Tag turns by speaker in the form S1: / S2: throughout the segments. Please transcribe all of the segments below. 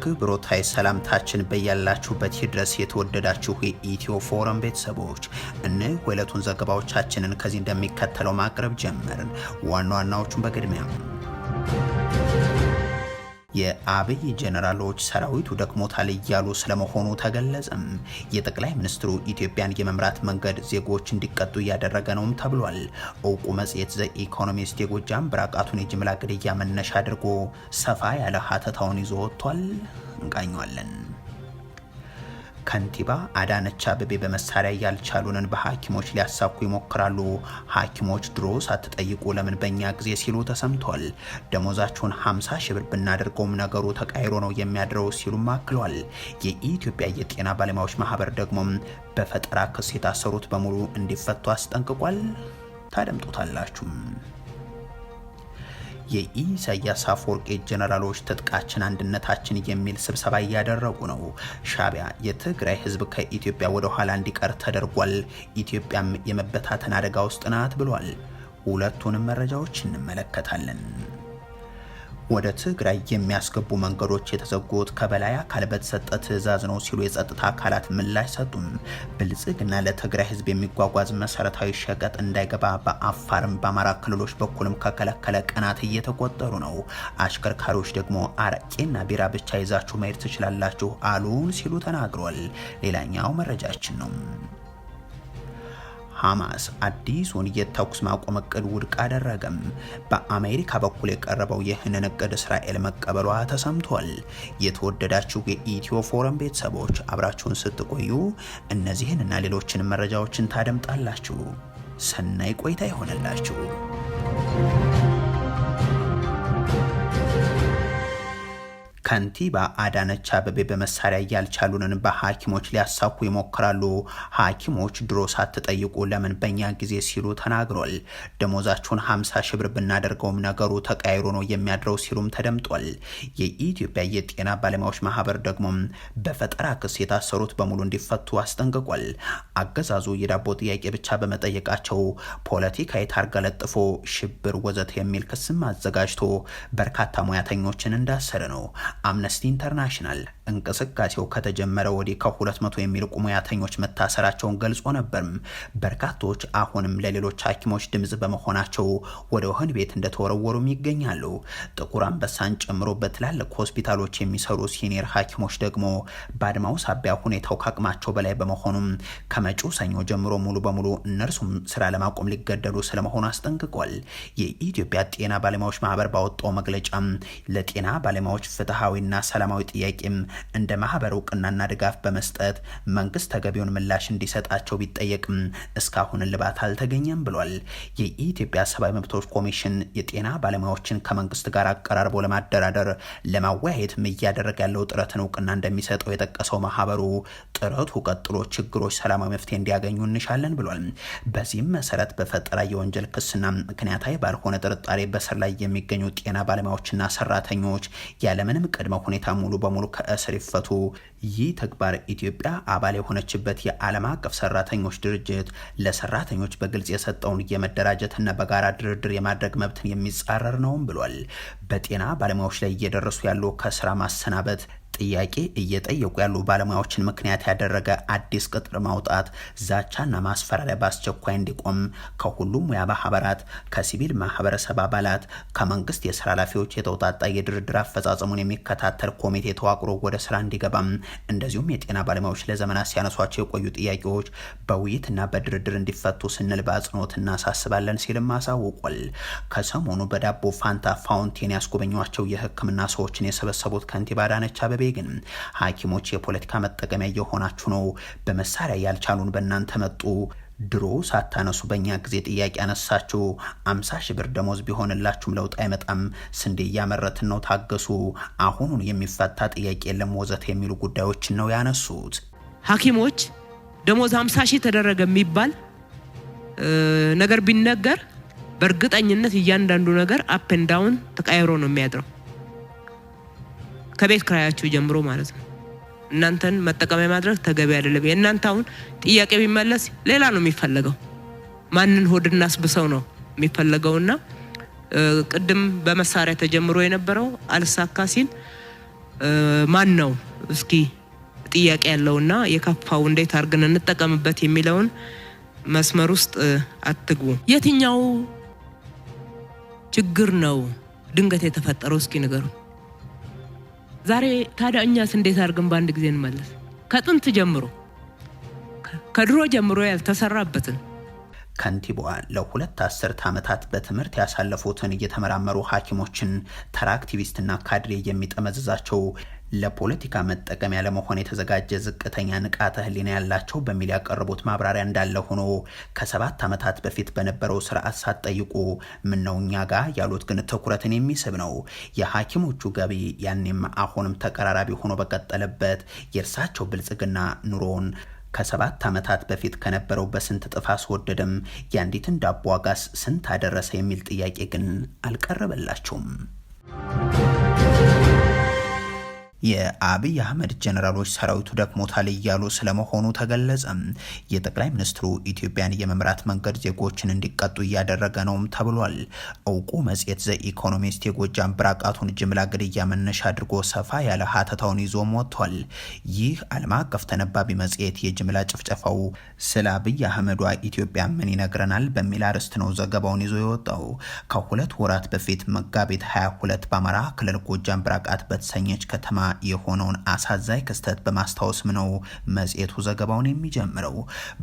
S1: አክብሮታይ ሰላምታችን በያላችሁበት ይድረስ የተወደዳችሁ የኢትዮ ፎረም ቤተሰቦች፣ እነ ሁለቱን ዘገባዎቻችንን ከዚህ እንደሚከተለው ማቅረብ ጀመርን። ዋና ዋናዎቹን በቅድሚያ የአብይ ጀነራሎች ሰራዊቱ ደክሞታል እያሉ ስለመሆኑ ተገለጸም። የጠቅላይ ሚኒስትሩ ኢትዮጵያን የመምራት መንገድ ዜጎች እንዲቀጡ እያደረገ ነውም ተብሏል። እውቁ መጽሔት ዘ ኢኮኖሚስት የጎጃም ብራቃቱን የጅምላ ግድያ መነሻ አድርጎ ሰፋ ያለ ሀተታውን ይዞ ወጥቷል። እንቃኘዋለን። ከንቲባ አዳነች አበቤ በመሳሪያ ያልቻሉንን በሐኪሞች ሊያሳኩ ይሞክራሉ። ሐኪሞች ድሮ ሳትጠይቁ ለምን በእኛ ጊዜ ሲሉ ተሰምቷል። ደሞዛቸውን 50 ሺህ ብር ብናደርገውም ነገሩ ተቃይሮ ነው የሚያድረው ሲሉም አክሏል። የኢትዮጵያ የጤና ባለሙያዎች ማህበር ደግሞ በፈጠራ ክስ የታሰሩት በሙሉ እንዲፈቱ አስጠንቅቋል። ታደምጡታላችሁ። የኢሳያስ አፈወርቄ ጀነራሎች ትጥቃችን አንድነታችን የሚል ስብሰባ እያደረጉ ነው። ሻቢያ የትግራይ ህዝብ ከኢትዮጵያ ወደ ኋላ እንዲቀር ተደርጓል፣ ኢትዮጵያም የመበታተን አደጋ ውስጥ ናት ብሏል። ሁለቱንም መረጃዎች እንመለከታለን። ወደ ትግራይ የሚያስገቡ መንገዶች የተዘጉት ከበላይ አካል በተሰጠ ትዕዛዝ ነው ሲሉ የጸጥታ አካላት ምላሽ ሰጡም። ብልጽግና ለትግራይ ህዝብ የሚጓጓዝ መሰረታዊ ሸቀጥ እንዳይገባ በአፋርም በአማራ ክልሎች በኩልም ከከለከለ ቀናት እየተቆጠሩ ነው። አሽከርካሪዎች ደግሞ አረቄና ቢራ ብቻ ይዛችሁ መሄድ ትችላላችሁ አሉን ሲሉ ተናግሯል። ሌላኛው መረጃችን ነው። ሐማስ አዲሱን የተኩስ ማቆም እቅድ ውድቅ አደረገም። በአሜሪካ በኩል የቀረበው ይህንን እቅድ እስራኤል መቀበሏ ተሰምቷል። የተወደዳችሁ የኢትዮ ፎረም ቤተሰቦች አብራችሁን ስትቆዩ እነዚህን እና ሌሎችን መረጃዎችን ታደምጣላችሁ። ሰናይ ቆይታ ይሆነላችሁ። ከንቲባ አዳነች አበቤ በመሳሪያ እያልቻሉንን በሐኪሞች ሊያሳኩ ይሞክራሉ። ሐኪሞች ድሮ ሳትጠይቁ ለምን በእኛ ጊዜ ሲሉ ተናግሯል። ደሞዛችሁን 50 ሺህ ብር ብናደርገውም ነገሩ ተቃይሮ ነው የሚያድረው ሲሉም ተደምጧል። የኢትዮጵያ የጤና ባለሙያዎች ማህበር ደግሞ በፈጠራ ክስ የታሰሩት በሙሉ እንዲፈቱ አስጠንቅቋል። አገዛዙ የዳቦ ጥያቄ ብቻ በመጠየቃቸው ፖለቲካ ታርጋ ለጥፎ ሽብር ወዘት የሚል ክስም አዘጋጅቶ በርካታ ሙያተኞችን እንዳሰረ ነው። አምነስቲ ኢንተርናሽናል እንቅስቃሴው ከተጀመረ ወዲህ ከ200 የሚልቁ ሙያተኞች መታሰራቸውን ገልጾ ነበርም። በርካቶች አሁንም ለሌሎች ሐኪሞች ድምፅ በመሆናቸው ወደ ወህኒ ቤት እንደተወረወሩም ይገኛሉ። ጥቁር አንበሳን ጨምሮ በትላልቅ ሆስፒታሎች የሚሰሩ ሲኒየር ሐኪሞች ደግሞ በአድማው ሳቢያ ሁኔታው ከአቅማቸው በላይ በመሆኑም ከመጪው ሰኞ ጀምሮ ሙሉ በሙሉ እነርሱም ስራ ለማቆም ሊገደዱ ስለመሆኑ አስጠንቅቋል። የኢትዮጵያ ጤና ባለሙያዎች ማህበር ባወጣው መግለጫም ለጤና ባለሙያዎች ፍትሐዊና ሰላማዊ ጥያቄም እንደ ማህበር እውቅናና ድጋፍ በመስጠት መንግስት ተገቢውን ምላሽ እንዲሰጣቸው ቢጠየቅም እስካሁን ልባት አልተገኘም ብሏል። የኢትዮጵያ ሰብአዊ መብቶች ኮሚሽን የጤና ባለሙያዎችን ከመንግስት ጋር አቀራርቦ ለማደራደር ለማወያየትም እያደረገ ያለው ጥረትን እውቅና እንደሚሰጠው የጠቀሰው ማህበሩ ጥረቱ ቀጥሎ ችግሮች ሰላማዊ መፍትሄ እንዲያገኙ እንሻለን ብሏል። በዚህም መሰረት በፈጠራ የወንጀል ክስና ምክንያታዊ ባልሆነ ጥርጣሬ በስር ላይ የሚገኙ ጤና ባለሙያዎችና ሰራተኞች ያለምንም ቅድመ ሁኔታ ሙሉ በሙሉ መታሰር ይፈቱ። ይህ ተግባር ኢትዮጵያ አባል የሆነችበት የዓለም አቀፍ ሰራተኞች ድርጅት ለሰራተኞች በግልጽ የሰጠውን የመደራጀትና በጋራ ድርድር የማድረግ መብትን የሚጻረር ነውም ብሏል። በጤና ባለሙያዎች ላይ እየደረሱ ያሉ ከስራ ማሰናበት ጥያቄ እየጠየቁ ያሉ ባለሙያዎችን ምክንያት ያደረገ አዲስ ቅጥር ማውጣት ዛቻና ማስፈራሪያ በአስቸኳይ እንዲቆም ከሁሉም ሙያ ማህበራት፣ ከሲቪል ማህበረሰብ አባላት፣ ከመንግስት የስራ ኃላፊዎች የተውጣጣ የድርድር አፈጻጸሙን የሚከታተል ኮሚቴ ተዋቅሮ ወደ ስራ እንዲገባም፣ እንደዚሁም የጤና ባለሙያዎች ለዘመናት ሲያነሷቸው የቆዩ ጥያቄዎች በውይይትና በድርድር እንዲፈቱ ስንል በአጽንኦት እናሳስባለን ሲልም አሳውቋል። ከሰሞኑ በዳቦ ፋንታ ፋውንቴን ያስጎበኟቸው የህክምና ሰዎችን የሰበሰቡት ከንቲባ አዳነች አበቤ ግን ሐኪሞች የፖለቲካ መጠቀሚያ እየሆናችሁ ነው፣ በመሳሪያ ያልቻሉን በእናንተ መጡ ድሮ ሳታነሱ በእኛ ጊዜ ጥያቄ አነሳችሁ። አምሳ ሺህ ብር ደሞዝ ቢሆንላችሁም ለውጥ አይመጣም፣ ስንዴ እያመረትን ነው ታገሱ፣ አሁኑን የሚፈታ ጥያቄ የለም ወዘት የሚሉ ጉዳዮችን ነው ያነሱት።
S2: ሐኪሞች ደሞዝ አምሳ ሺህ ተደረገ የሚባል ነገር ቢነገር በእርግጠኝነት እያንዳንዱ ነገር አፕ ዳውን ተቃይሮ ነው የሚያድረው። ከቤት ክራያቸው ጀምሮ ማለት ነው። እናንተን መጠቀሚያ ማድረግ ተገቢ አይደለም። የእናንተ አሁን ጥያቄ ቢመለስ ሌላ ነው የሚፈለገው። ማንን ሆድ እናስብሰው ነው የሚፈለገውና ቅድም በመሳሪያ ተጀምሮ የነበረው አልሳካ ሲል ማን ነው እስኪ ጥያቄ ያለውና የከፋው እንዴት አድርገን እንጠቀምበት የሚለውን መስመር ውስጥ አትግቡ። የትኛው ችግር ነው ድንገት የተፈጠረው? እስኪ ንገሩን። ዛሬ ታዲያ እኛስ እንዴት አድርገን በአንድ ጊዜ እንመለስ? ከጥንት ጀምሮ ከድሮ ጀምሮ ያልተሰራበትን
S1: ከንቲባዋ ለሁለት አስርት ዓመታት በትምህርት ያሳለፉትን እየተመራመሩ ሐኪሞችን ተራ አክቲቪስትና ካድሬ የሚጠመዝዛቸው ለፖለቲካ መጠቀሚያ ለመሆን የተዘጋጀ ዝቅተኛ ንቃተ ህሊና ያላቸው በሚል ያቀረቡት ማብራሪያ እንዳለ ሆኖ ከሰባት ዓመታት በፊት በነበረው ስርዓት ሳትጠይቁ ምነው እኛ ጋ ያሉት ግን ትኩረትን የሚስብ ነው። የሐኪሞቹ ገቢ ያኔም አሁንም ተቀራራቢ ሆኖ በቀጠለበት የእርሳቸው ብልጽግና ኑሮውን ከሰባት ዓመታት በፊት ከነበረው በስንት ጥፍ አስወደደም፣ የአንዲትን ዳቦ ዋጋስ ስንት አደረሰ የሚል ጥያቄ ግን አልቀረበላቸውም። የአብይ አህመድ ጀነራሎች ሰራዊቱ ደክሞታል እያሉ ስለመሆኑ ተገለጸ። የጠቅላይ ሚኒስትሩ ኢትዮጵያን የመምራት መንገድ ዜጎችን እንዲቀጡ እያደረገ ነውም ተብሏል። እውቁ መጽሔት ዘ ኢኮኖሚስት የጎጃም ብራቃቱን ጅምላ ግድያ መነሻ አድርጎ ሰፋ ያለ ሀተታውን ይዞም ወጥቷል። ይህ ዓለም አቀፍ ተነባቢ መጽሔት የጅምላ ጭፍጨፋው ስለ አብይ አህመዷ ኢትዮጵያ ምን ይነግረናል በሚል አርዕስት ነው ዘገባውን ይዞ የወጣው። ከሁለት ወራት በፊት መጋቢት 22 በአማራ ክልል ጎጃም ብራቃት በተሰኘች ከተማ የሆነውን አሳዛኝ ክስተት በማስታወስም ነው መጽሔቱ ዘገባውን የሚጀምረው።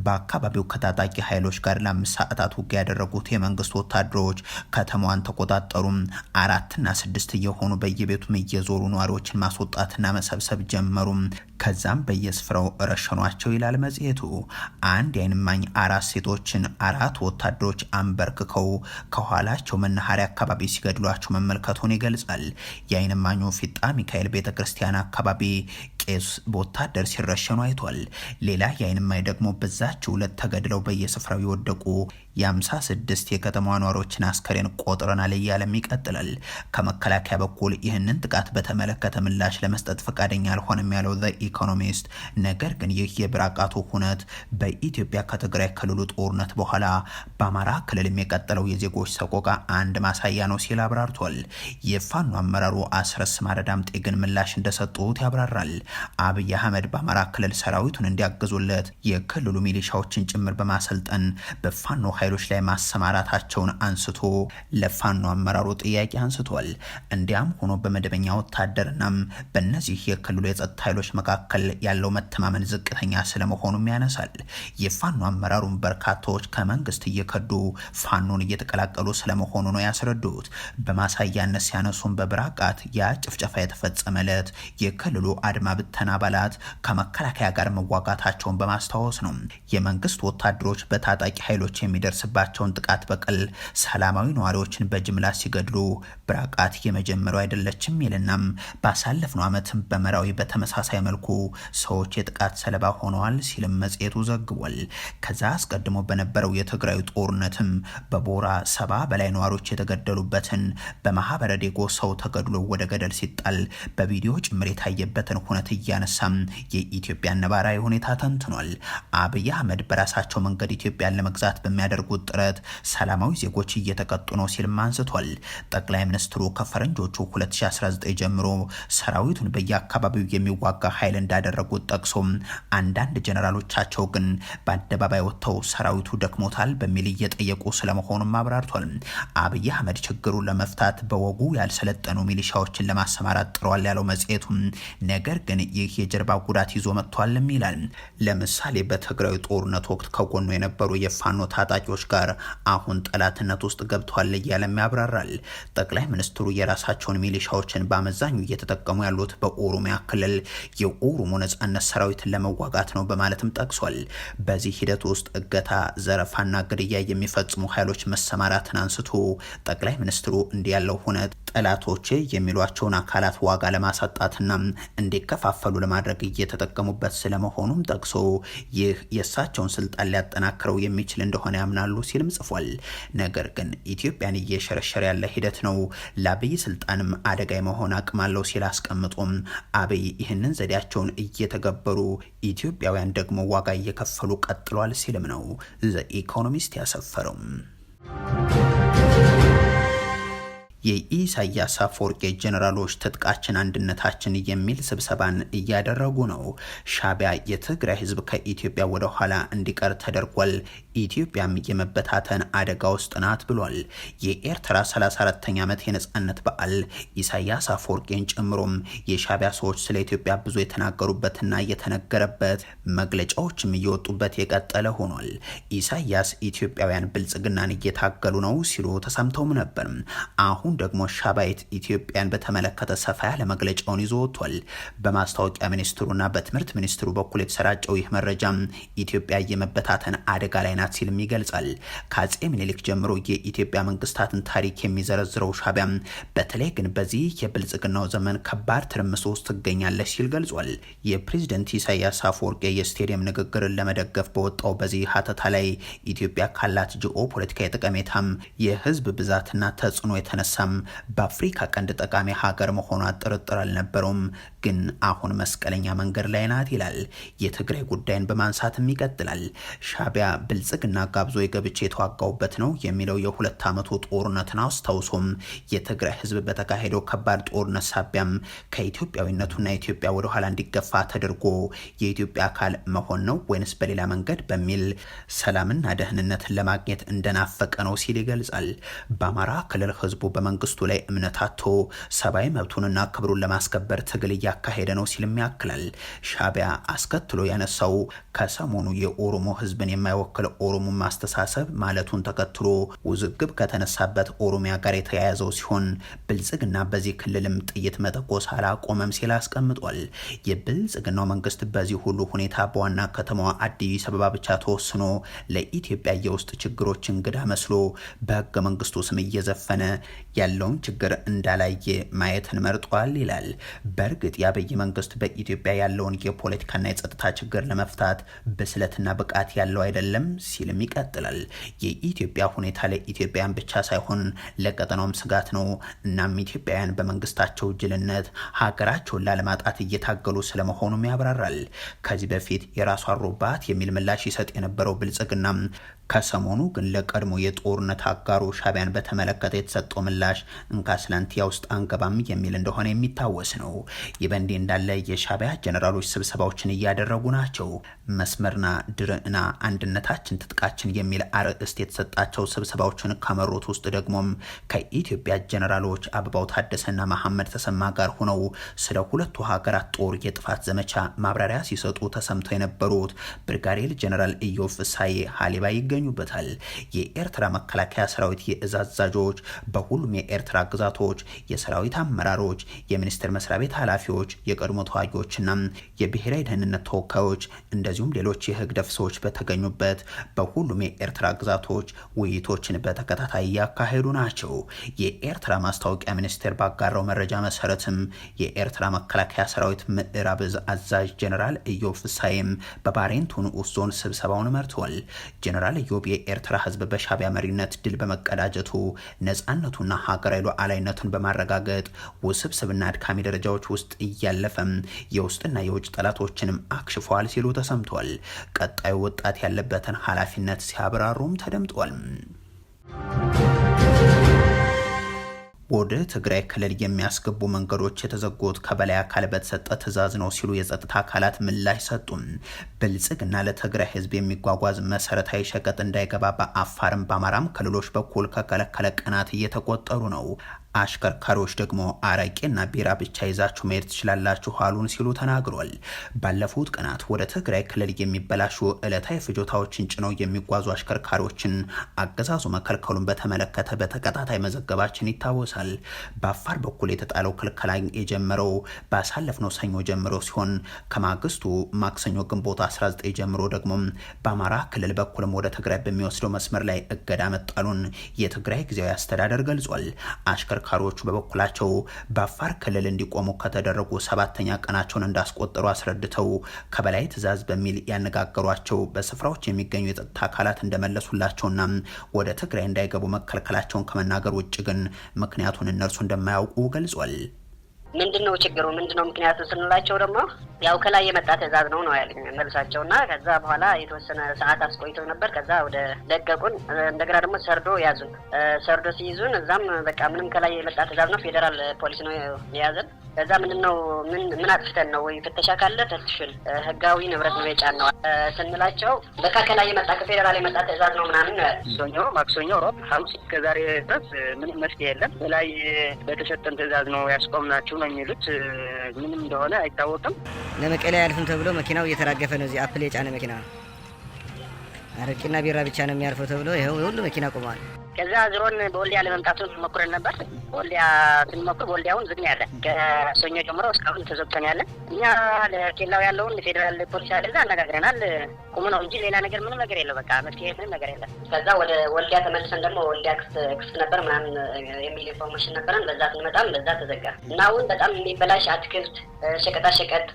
S1: በአካባቢው ከታጣቂ ኃይሎች ጋር ለአምስት ሰዓታት ውጊያ ያደረጉት የመንግስት ወታደሮች ከተማዋን ተቆጣጠሩም። አራትና ስድስት እየሆኑ በየቤቱም እየዞሩ ነዋሪዎችን ማስወጣትና መሰብሰብ ጀመሩም። ከዛም በየስፍራው ረሸኗቸው ይላል መጽሔቱ። አንድ የአይንማኝ አራት ሴቶችን አራት ወታደሮች አንበርክከው ከኋላቸው መናኸሪያ አካባቢ ሲገድሏቸው መመልከቱን ይገልጻል። የአይንማኙ ፊጣ ሚካኤል ቤተ ክርስቲያን አካባቢ ቄስ በወታደር ሲረሸኑ አይቷል። ሌላ የአይንማኝ ደግሞ በዛች ሁለት ተገድለው በየስፍራው የወደቁ የአምሳ ስድስት የከተማዋ ኗሪዎችን አስከሬን ቆጥረናል እያለም ይቀጥላል። ከመከላከያ በኩል ይህንን ጥቃት በተመለከተ ምላሽ ለመስጠት ፈቃደኛ አልሆነም ያለው ዘ ኢኮኖሚስት፣ ነገር ግን ይህ የብራቃቱ ሁነት በኢትዮጵያ ከትግራይ ክልሉ ጦርነት በኋላ በአማራ ክልል የቀጠለው የዜጎች ሰቆቃ አንድ ማሳያ ነው ሲል አብራርቷል። የፋኖ አመራሩ አስረስ ማረዳምጤ ግን ምላሽ እንደሰጡት ያብራራል። አብይ አህመድ በአማራ ክልል ሰራዊቱን እንዲያግዙለት የክልሉ ሚሊሻዎችን ጭምር በማሰልጠን በፋኖ ኃይሎች ላይ ማሰማራታቸውን አንስቶ ለፋኖ አመራሩ ጥያቄ አንስቷል። እንዲያም ሆኖ በመደበኛ ወታደርናም በእነዚህ የክልሉ የጸጥታ ኃይሎች መካከል ያለው መተማመን ዝቅተኛ ስለመሆኑም ያነሳል። የፋኖ አመራሩን በርካታዎች ከመንግስት እየከዱ ፋኖን እየተቀላቀሉ ስለመሆኑ ነው ያስረዱት። በማሳያነት ሲያነሱም በብራቃት ያ ጭፍጨፋ የተፈጸመ ዕለት የክልሉ አድማ ብተን አባላት ከመከላከያ ጋር መዋጋታቸውን በማስታወስ ነው። የመንግስት ወታደሮች በታጣቂ ኃይሎች የሚደርስ የሚደርስባቸውን ጥቃት በቀል ሰላማዊ ነዋሪዎችን በጅምላ ሲገድሉ ብራቃት የመጀመሪያው አይደለችም ይልናም ባሳለፍነው ዓመትም በመራዊ በተመሳሳይ መልኩ ሰዎች የጥቃት ሰለባ ሆነዋል ሲልም መጽሔቱ ዘግቧል። ከዛ አስቀድሞ በነበረው የትግራዩ ጦርነትም በቦራ ሰባ በላይ ነዋሪዎች የተገደሉበትን በማህበረ ዴጎ ሰው ተገድሎ ወደ ገደል ሲጣል በቪዲዮ ጭምር የታየበትን ሁነት እያነሳም የኢትዮጵያ ነባራዊ ሁኔታ ተንትኗል። አብይ አህመድ በራሳቸው መንገድ ኢትዮጵያን ለመግዛት በሚያደርጉ በሚያደርጉት ጥረት ሰላማዊ ዜጎች እየተቀጡ ነው ሲልም አንስቷል። ጠቅላይ ሚኒስትሩ ከፈረንጆቹ 2019 ጀምሮ ሰራዊቱን በየአካባቢው የሚዋጋ ኃይል እንዳደረጉት ጠቅሶ አንዳንድ ጀነራሎቻቸው ግን በአደባባይ ወጥተው ሰራዊቱ ደክሞታል በሚል እየጠየቁ ስለመሆኑም አብራርቷል። አብይ አህመድ ችግሩን ለመፍታት በወጉ ያልሰለጠኑ ሚሊሻዎችን ለማሰማራት ጥሯል ያለው መጽሔቱም፣ ነገር ግን ይህ የጀርባ ጉዳት ይዞ መጥቷልም ይላል። ለምሳሌ በትግራዊ ጦርነት ወቅት ከጎኑ የነበሩ የፋኖ ታጣቂ ታጣቂዎች ጋር አሁን ጠላትነት ውስጥ ገብተዋል እያለም ያብራራል። ጠቅላይ ሚኒስትሩ የራሳቸውን ሚሊሻዎችን በአመዛኙ እየተጠቀሙ ያሉት በኦሮሚያ ክልል የኦሮሞ ነጻነት ሰራዊትን ለመዋጋት ነው በማለትም ጠቅሷል። በዚህ ሂደት ውስጥ እገታ፣ ዘረፋና ግድያ የሚፈጽሙ ኃይሎች መሰማራትን አንስቶ ጠቅላይ ሚኒስትሩ እንዲህ ያለው ሁነት ጠላቶች የሚሏቸውን አካላት ዋጋ ለማሳጣትና እንዲከፋፈሉ ለማድረግ እየተጠቀሙበት ስለመሆኑም ጠቅሶ ይህ የእሳቸውን ስልጣን ሊያጠናክረው የሚችል እንደሆነ ያምናል ያምናሉ ሲልም ጽፏል። ነገር ግን ኢትዮጵያን እየሸረሸረ ያለ ሂደት ነው፣ ለአብይ ስልጣንም አደጋ የመሆን አቅም አለው ሲል አስቀምጦም አብይ ይህንን ዘዴያቸውን እየተገበሩ ኢትዮጵያውያን ደግሞ ዋጋ እየከፈሉ ቀጥሏል ሲልም ነው ዘኢኮኖሚስት ያሰፈረው። የኢሳያስ አፈወርቂ ጀኔራሎች ትጥቃችን አንድነታችን የሚል ስብሰባን እያደረጉ ነው። ሻቢያ የትግራይ ህዝብ ከኢትዮጵያ ወደ ኋላ እንዲቀር ተደርጓል። ኢትዮጵያም የመበታተን አደጋ ውስጥ ናት ብሏል። የኤርትራ 34ተኛ ዓመት የነጻነት በዓል ኢሳያስ አፈወርቄን ጨምሮም የሻቢያ ሰዎች ስለ ኢትዮጵያ ብዙ የተናገሩበትና የተነገረበት መግለጫዎችም እየወጡበት የቀጠለ ሆኗል። ኢሳያስ ኢትዮጵያውያን ብልጽግናን እየታገሉ ነው ሲሉ ተሰምተውም ነበር። አሁን ደግሞ ሻባይት ኢትዮጵያን በተመለከተ ሰፋ ያለ መግለጫውን ይዞ ወጥቷል። በማስታወቂያ ሚኒስትሩና በትምህርት ሚኒስትሩ በኩል የተሰራጨው ይህ መረጃ ኢትዮጵያ የመበታተን አደጋ ላይ ናት ናት ሲልም ይገልጻል። ከአጼ ምኒልክ ጀምሮ የኢትዮጵያ መንግስታትን ታሪክ የሚዘረዝረው ሻቢያ በተለይ ግን በዚህ የብልጽግናው ዘመን ከባድ ትርምስ ውስጥ ትገኛለች ሲል ገልጿል። የፕሬዝደንት ኢሳያስ አፈወርቄ የስቴዲየም ንግግርን ለመደገፍ በወጣው በዚህ ሀተታ ላይ ኢትዮጵያ ካላት ጂኦ ፖለቲካዊ ጠቀሜታም የህዝብ ብዛትና ተጽዕኖ የተነሳም በአፍሪካ ቀንድ ጠቃሚ ሀገር መሆኗ ጥርጥር አልነበረውም፣ ግን አሁን መስቀለኛ መንገድ ላይ ናት ይላል። የትግራይ ጉዳይን በማንሳትም ይቀጥላል ሻቢያ ብልጽ ብልጽግና ጋብዞ የገብቼ የተዋጋውበት ነው የሚለው የሁለት ዓመቱ ጦርነትን አስታውሶም የትግራይ ህዝብ በተካሄደው ከባድ ጦርነት ሳቢያም ከኢትዮጵያዊነቱና ኢትዮጵያ ወደ ኋላ እንዲገፋ ተደርጎ የኢትዮጵያ አካል መሆን ነው ወይንስ በሌላ መንገድ በሚል ሰላምና ደህንነትን ለማግኘት እንደናፈቀ ነው ሲል ይገልጻል። በአማራ ክልል ህዝቡ በመንግስቱ ላይ እምነት አቶ ሰብአዊ መብቱንና ክብሩን ለማስከበር ትግል እያካሄደ ነው ሲልም ያክላል። ሻቢያ አስከትሎ ያነሳው ከሰሞኑ የኦሮሞ ህዝብን የማይወክለው ኦሮሞ ማስተሳሰብ ማለቱን ተከትሎ ውዝግብ ከተነሳበት ኦሮሚያ ጋር የተያያዘው ሲሆን ብልጽግና በዚህ ክልልም ጥይት መተኮስ አላቆመም ሲል አስቀምጧል። የብልጽግናው መንግስት በዚህ ሁሉ ሁኔታ በዋና ከተማዋ አዲስ አበባ ብቻ ተወስኖ ለኢትዮጵያ የውስጥ ችግሮች እንግዳ መስሎ በህገ መንግስቱ ስም እየዘፈነ ያለውን ችግር እንዳላየ ማየትን መርጧል ይላል። በእርግጥ የአብይ መንግስት በኢትዮጵያ ያለውን የፖለቲካና የጸጥታ ችግር ለመፍታት ብስለትና ብቃት ያለው አይደለም ሲልም ይቀጥላል። የኢትዮጵያ ሁኔታ ለኢትዮጵያውያን ብቻ ሳይሆን ለቀጠናውም ስጋት ነው። እናም ኢትዮጵያውያን በመንግስታቸው ጅልነት ሀገራቸውን ላለማጣት እየታገሉ ስለመሆኑም ያብራራል። ከዚህ በፊት የራሷ አሮባት የሚል ምላሽ ይሰጥ የነበረው ብልጽግና ከሰሞኑ ግን ለቀድሞ የጦርነት አጋሩ ሻቢያን በተመለከተ የተሰጠው ምላሽ እንካስላንቲያ ውስጥ አንገባም የሚል እንደሆነ የሚታወስ ነው። ይህ በእንዲህ እንዳለ የሻቢያ ጀኔራሎች ስብሰባዎችን እያደረጉ ናቸው። መስመርና ድርና አንድነታችን ትጥቃችን የሚል አርዕስት የተሰጣቸው ስብሰባዎችን ከመሩት ውስጥ ደግሞም ከኢትዮጵያ ጀኔራሎች አበባው ታደሰና መሐመድ ተሰማ ጋር ሆነው ስለ ሁለቱ ሀገራት ጦር የጥፋት ዘመቻ ማብራሪያ ሲሰጡ ተሰምተው የነበሩት ብርጋዴር ጀኔራል ኢዮፍ ሳዬ ሀሊባ ይገኛል። ይገኙበታል። የኤርትራ መከላከያ ሰራዊት የእዝ በሁሉም የኤርትራ ግዛቶች የሰራዊት አመራሮች፣ የሚኒስቴር መስሪያ ቤት ኃላፊዎች፣ የቀድሞ ተዋጊዎችና የብሔራዊ ደህንነት ተወካዮች እንደዚሁም ሌሎች የህግ ሰዎች በተገኙበት በሁሉም የኤርትራ ግዛቶች ውይይቶችን በተከታታይ እያካሄዱ ናቸው። የኤርትራ ማስታወቂያ ሚኒስቴር ባጋራው መረጃ መሰረትም የኤርትራ መከላከያ ሰራዊት ምዕራብ እዝ አዛዥ ጀኔራል ኢዮብ ፍሳይም በባሬንቱ ንዑስ ዞን ስብሰባውን መርተዋል። ጀኔራል ኢዮብ የኤርትራ ህዝብ በሻቢያ መሪነት ድል በመቀዳጀቱ ነጻነቱና ሀገራዊ ሉዓላዊነቱን በማረጋገጥ ውስብስብና አድካሚ ደረጃዎች ውስጥ እያለፈም የውስጥና የውጭ ጠላቶችንም አክሽፏል ሲሉ ተሰምቷል። ቀጣዩ ወጣት ያለበትን ኃላፊነት ሲያብራሩም ተደምጧል። ወደ ትግራይ ክልል የሚያስገቡ መንገዶች የተዘጉት ከበላይ አካል በተሰጠ ትዕዛዝ ነው ሲሉ የጸጥታ አካላት ምላሽ ሰጡም። ብልጽግና ለትግራይ ሕዝብ የሚጓጓዝ መሰረታዊ ሸቀጥ እንዳይገባ በአፋርም በአማራም ክልሎች በኩል ከከለከለ ቀናት እየተቆጠሩ ነው። አሽከርካሪዎች ደግሞ አረቄና ቢራ ብቻ ይዛችሁ መሄድ ትችላላችሁ አሉን ሲሉ ተናግሯል። ባለፉት ቀናት ወደ ትግራይ ክልል የሚበላሹ ዕለታዊ ፍጆታዎችን ጭነው የሚጓዙ አሽከርካሪዎችን አገዛዙ መከልከሉን በተመለከተ በተከታታይ መዘገባችን ይታወሳል። በአፋር በኩል የተጣለው ክልከላ የጀመረው ባሳለፍነው ሰኞ ጀምሮ ሲሆን ከማግስቱ ማክሰኞ ግንቦት 19 ጀምሮ ደግሞ በአማራ ክልል በኩልም ወደ ትግራይ በሚወስደው መስመር ላይ እገዳ መጣሉን የትግራይ ጊዜያዊ አስተዳደር ገልጿል። ተሽከርካሪዎቹ በበኩላቸው በአፋር ክልል እንዲቆሙ ከተደረጉ ሰባተኛ ቀናቸውን እንዳስቆጠሩ አስረድተው ከበላይ ትዕዛዝ
S3: በሚል ያነጋገሯቸው በስፍራዎች የሚገኙ የጸጥታ አካላት እንደመለሱላቸውና ወደ ትግራይ እንዳይገቡ መከልከላቸውን ከመናገር ውጭ ግን ምክንያቱን እነርሱ እንደማያውቁ ገልጿል። ምንድን ነው ችግሩ? ምንድን ነው ምክንያቱ ስንላቸው ደግሞ ያው ከላይ የመጣ ትእዛዝ ነው ነው ያለኝ መልሳቸው። እና ከዛ በኋላ የተወሰነ ሰዓት አስቆይተው ነበር። ከዛ ወደ ለቀቁን። እንደገና ደግሞ ሰርዶ ያዙን። ሰርዶ ሲይዙን እዛም በቃ ምንም ከላይ የመጣ ትእዛዝ ነው፣ ፌዴራል ፖሊስ ነው የያዘን። ከዛ ምንድን ነው ምን ምን አጥፍተን ነው ወይ ፍተሻ ካለ ተትሽል ህጋዊ ንብረት ነው የጫን ነው ስንላቸው በቃ ከላይ የመጣ ከፌዴራል
S4: የመጣ ትእዛዝ ነው ምናምን ነው ያለ። ሰኞ፣ ማክሰኞ፣ ሮብ፣ ሀሙስ ከዛሬ ድረስ ምንም መፍትሄ የለም። በላይ በተሰጠን ትእዛዝ ነው ያስቆምናችሁ
S5: ነው የሚሉት ምንም እንደሆነ አይታወቅም። ለመቀሌ አያልፍም ተብሎ መኪናው እየተራገፈ ነው። እዚህ አፕል የጫነ መኪና ነው። አረቂና ቢራ ብቻ ነው የሚያልፈው ተብሎ ይኸው ሁሉ መኪና ቆመዋል። ከዛ ዝሮን በወልዲያ ለመምጣቱን ሞክረን ነበር። በወልዲያ
S6: ስንሞክር በወልዲያውን ዝግ ያለ። ከሰኞ ጀምሮ እስካሁን ተዘግቶ ነው ያለ። እኛ ለኬላው ያለውን ፌዴራል ፖሊስ ያለ እዛ አነጋግረናል። ቁሙ ነው እንጂ ሌላ ነገር ምንም ነገር የለው። በቃ መፍትሄ ምንም ነገር የለም። ከዛ ወደ ወልዲያ ተመልሰን ደግሞ ወልዲያ ክፍት ነበር ምናምን የሚል ኢንፎርሜሽን ነበረን። በዛ ስንመጣም
S1: በዛ ተዘጋ እና አሁን በጣም የሚበላሽ አትክልት፣ ሸቀጣሸቀጥ፣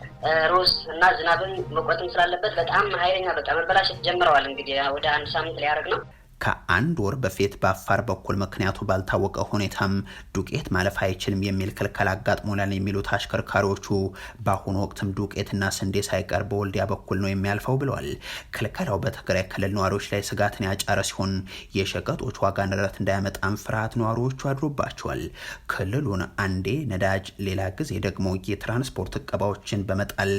S1: ሩዝ እና ዝናብን መቆጥም ስላለበት በጣም ኃይለኛ በቃ መበላሸት ጀምረዋል። እንግዲህ ወደ አንድ ሳምንት ሊያደርግ ነው። ከአንድ ወር በፊት በአፋር በኩል ምክንያቱ ባልታወቀ ሁኔታም ዱቄት ማለፍ አይችልም የሚል ክልከላ አጋጥሞናል የሚሉት አሽከርካሪዎቹ በአሁኑ ወቅትም ዱቄትና ስንዴ ሳይቀር በወልዲያ በኩል ነው የሚያልፈው ብለዋል። ክልከላው በትግራይ ክልል ነዋሪዎች ላይ ስጋትን ያጫረ ሲሆን የሸቀጦች ዋጋ ንረት እንዳያመጣም ፍርሃት ነዋሪዎቹ አድሮባቸዋል። ክልሉን አንዴ ነዳጅ፣ ሌላ ጊዜ ደግሞ የትራንስፖርት እቀባዎችን በመጣል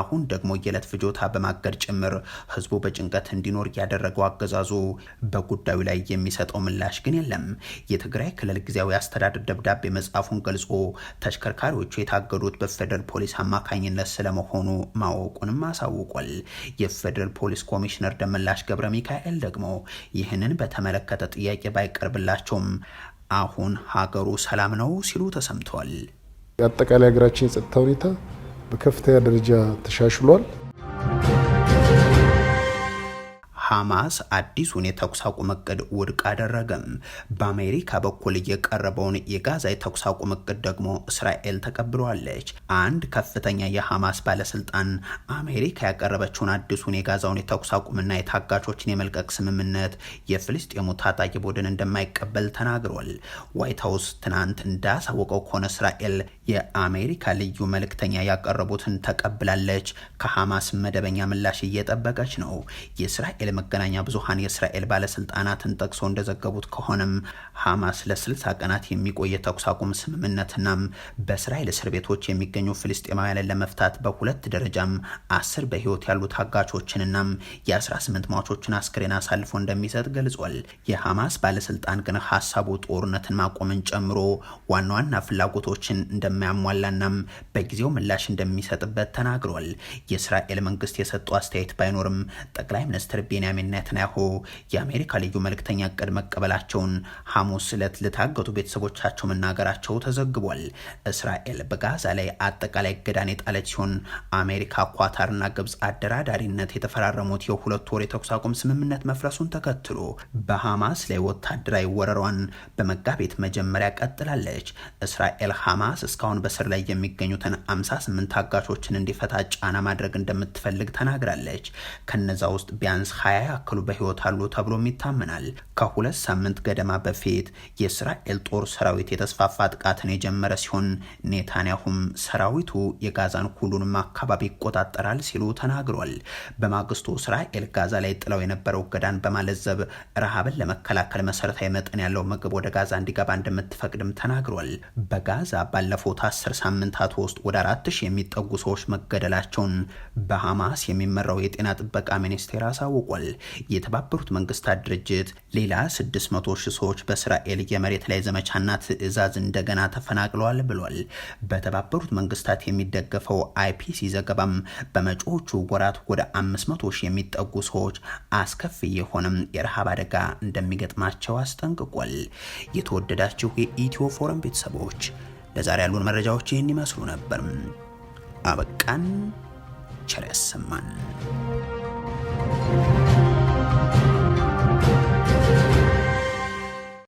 S1: አሁን ደግሞ የዕለት ፍጆታ በማገድ ጭምር ህዝቡ በጭንቀት እንዲኖር ያደረገው አገዛዙ ጉዳዩ ላይ የሚሰጠው ምላሽ ግን የለም። የትግራይ ክልል ጊዜያዊ አስተዳደር ደብዳቤ መጻፉን ገልጾ ተሽከርካሪዎቹ የታገዱት በፌደራል ፖሊስ አማካኝነት ስለመሆኑ ማወቁንም አሳውቋል።
S7: የፌደራል ፖሊስ ኮሚሽነር ደመላሽ ገብረ ሚካኤል ደግሞ ይህንን በተመለከተ ጥያቄ
S1: ባይቀርብላቸውም አሁን ሀገሩ ሰላም ነው ሲሉ ተሰምተዋል። አጠቃላይ ሀገራችን የጸጥታ ሁኔታ በከፍተኛ ደረጃ ተሻሽሏል። ሐማስ አዲሱን የተኩስ አቁም እቅድ ውድቅ አደረገም። በአሜሪካ በኩል የቀረበውን የጋዛ የተኩስ አቁም እቅድ ደግሞ እስራኤል ተቀብሏለች። አንድ ከፍተኛ የሐማስ ባለስልጣን አሜሪካ ያቀረበችውን አዲሱን የጋዛውን የተኩስ አቁምና የታጋቾችን የመልቀቅ ስምምነት የፍልስጤሙ ታጣቂ ቡድን እንደማይቀበል ተናግሯል። ዋይት ሀውስ ትናንት እንዳሳወቀው ከሆነ እስራኤል የአሜሪካ ልዩ መልእክተኛ ያቀረቡትን ተቀብላለች። ከሐማስ መደበኛ ምላሽ እየጠበቀች ነው። የእስራኤል የመገናኛ ብዙሃን የእስራኤል ባለስልጣናትን ጠቅሶ እንደዘገቡት ከሆነም ሐማስ ለ60 ቀናት የሚቆይ ተኩስ አቁም ስምምነትና በእስራኤል እስር ቤቶች የሚገኙ ፍልስጤማውያንን ለመፍታት በሁለት ደረጃም አስር በህይወት ያሉ ታጋቾችንና የ18 ሟቾችን አስክሬን አሳልፎ እንደሚሰጥ ገልጿል። የሐማስ ባለስልጣን ግን ሀሳቡ ጦርነትን ማቆምን ጨምሮ ዋና ዋና ፍላጎቶችን እንደማያሟላናም በጊዜው ምላሽ እንደሚሰጥበት ተናግሯል። የእስራኤል መንግስት የሰጡ አስተያየት ባይኖርም ጠቅላይ ሚኒስትር ቤን ቤንያሚን ኔታንያሁ የአሜሪካ ልዩ መልእክተኛ እቅድ መቀበላቸውን ሐሙስ ዕለት ለታገቱ ቤተሰቦቻቸው መናገራቸው ተዘግቧል። እስራኤል በጋዛ ላይ አጠቃላይ እገዳን የጣለች ሲሆን አሜሪካ፣ ኳታርና ግብፅ አደራዳሪነት የተፈራረሙት የሁለት ወር የተኩስ አቁም ስምምነት መፍረሱን ተከትሎ በሐማስ ላይ ወታደራዊ ወረሯን በመጋቢት መጀመሪያ ቀጥላለች። እስራኤል ሐማስ እስካሁን በስር ላይ የሚገኙትን 58 ታጋቾችን እንዲፈታ ጫና ማድረግ እንደምትፈልግ ተናግራለች። ከነዛ ውስጥ ቢያንስ ሀያ ያክሉ በህይወት አሉ ተብሎም ይታመናል። ከሁለት ሳምንት ገደማ በፊት የእስራኤል ጦር ሰራዊት የተስፋፋ ጥቃትን የጀመረ ሲሆን ኔታንያሁም ሰራዊቱ የጋዛን ሁሉንም አካባቢ ይቆጣጠራል ሲሉ ተናግሯል። በማግስቱ እስራኤል ጋዛ ላይ ጥለው የነበረው እገዳን በማለዘብ ረሃብን ለመከላከል መሰረታዊ መጠን ያለው ምግብ ወደ ጋዛ እንዲገባ እንደምትፈቅድም ተናግሯል። በጋዛ ባለፉት አስር ሳምንታት ውስጥ ወደ አራት ሺህ የሚጠጉ ሰዎች መገደላቸውን በሐማስ የሚመራው የጤና ጥበቃ ሚኒስቴር አሳውቋል። ገልጿል። የተባበሩት መንግስታት ድርጅት ሌላ 600 ሺህ ሰዎች በእስራኤል የመሬት ላይ ዘመቻና ትዕዛዝ እንደገና ተፈናቅለዋል ብሏል። በተባበሩት መንግስታት የሚደገፈው አይፒሲ ዘገባም በመጪዎቹ ወራት ወደ 500 ሺህ የሚጠጉ ሰዎች አስከፊ የሆነም የረሃብ አደጋ እንደሚገጥማቸው አስጠንቅቋል። የተወደዳችሁ የኢትዮ ፎረም ቤተሰቦች ለዛሬ ያሉን መረጃዎች ይህን ይመስሉ ነበር። አበቃን። ቸር ያሰማን።